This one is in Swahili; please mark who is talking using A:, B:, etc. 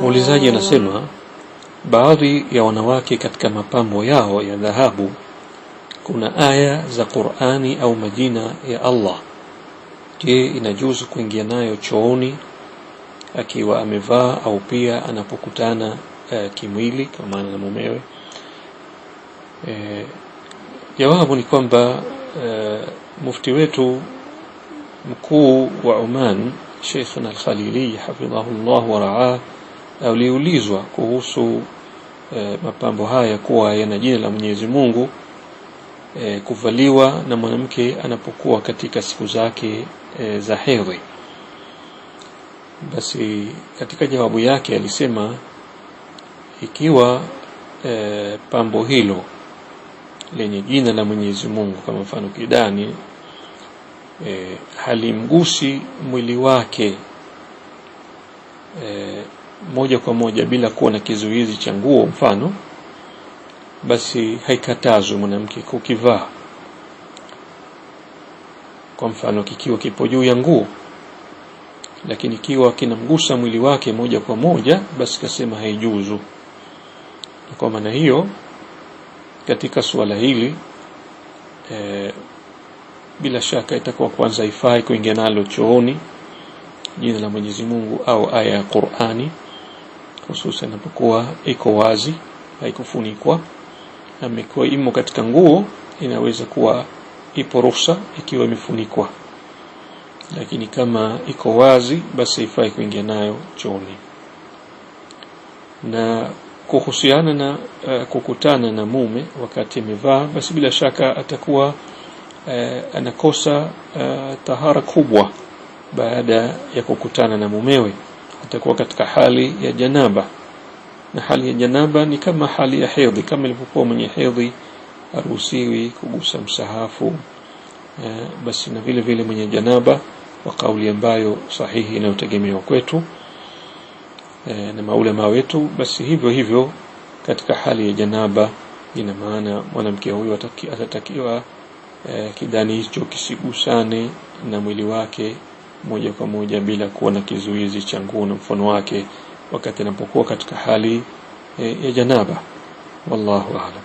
A: Muulizaji anasema baadhi ya wanawake katika mapambo yao ya dhahabu kuna aya za Qur'ani au majina ya Allah. Je, inajuzu kuingia nayo chooni akiwa amevaa au pia anapokutana eh, kimwili kwa maana na mumewe? Eh, jawabu ni kwamba eh, mufti wetu mkuu wa Oman Sheikhna Al-Khalili Allah wa raah aliulizwa kuhusu e, mapambo haya kuwa yana jina la Mwenyezi Mungu e, kuvaliwa na mwanamke anapokuwa katika siku zake e, za hedhi. Basi katika jawabu yake alisema ikiwa e, pambo hilo lenye jina la Mwenyezi Mungu, kama mfano kidani e, halimgusi mwili wake e, moja kwa moja bila kuwa na kizuizi cha nguo mfano, basi haikatazwi mwanamke kukivaa, kwa mfano kikiwa kipo juu ya nguo lakini kiwa kinamgusa mwili wake moja kwa moja, basi kasema haijuzu. kwa maana hiyo katika suala hili e, bila shaka itakuwa kwanza ifai kuingia nalo chooni jina la Mwenyezi Mungu au aya ya Qur'ani, hususan inapokuwa iko wazi, haikufunikwa amekuwa imo katika nguo, inaweza kuwa ipo ruhusa ikiwa imefunikwa, lakini kama iko wazi, basi haifai kuingia nayo chooni na kuhusiana na uh, kukutana na mume wakati amevaa, basi bila shaka atakuwa uh, anakosa uh, tahara kubwa baada ya kukutana na mumewe, atakuwa katika hali ya janaba, na hali ya janaba ni kama hali ya hedhi. Kama ilivyokuwa mwenye hedhi aruhusiwi kugusa msahafu, uh, basi na vile vile mwenye janaba, kwa kauli ambayo sahihi inayotegemewa kwetu Eh, na maulama wetu, basi hivyo hivyo katika hali ya janaba, ina maana mwanamke huyu atatakiwa eh, kidani hicho kisigusane na mwili wake moja kwa moja bila kuwa na kizuizi cha nguo na mfano wake wakati anapokuwa katika hali eh, ya janaba. Wallahu aalam.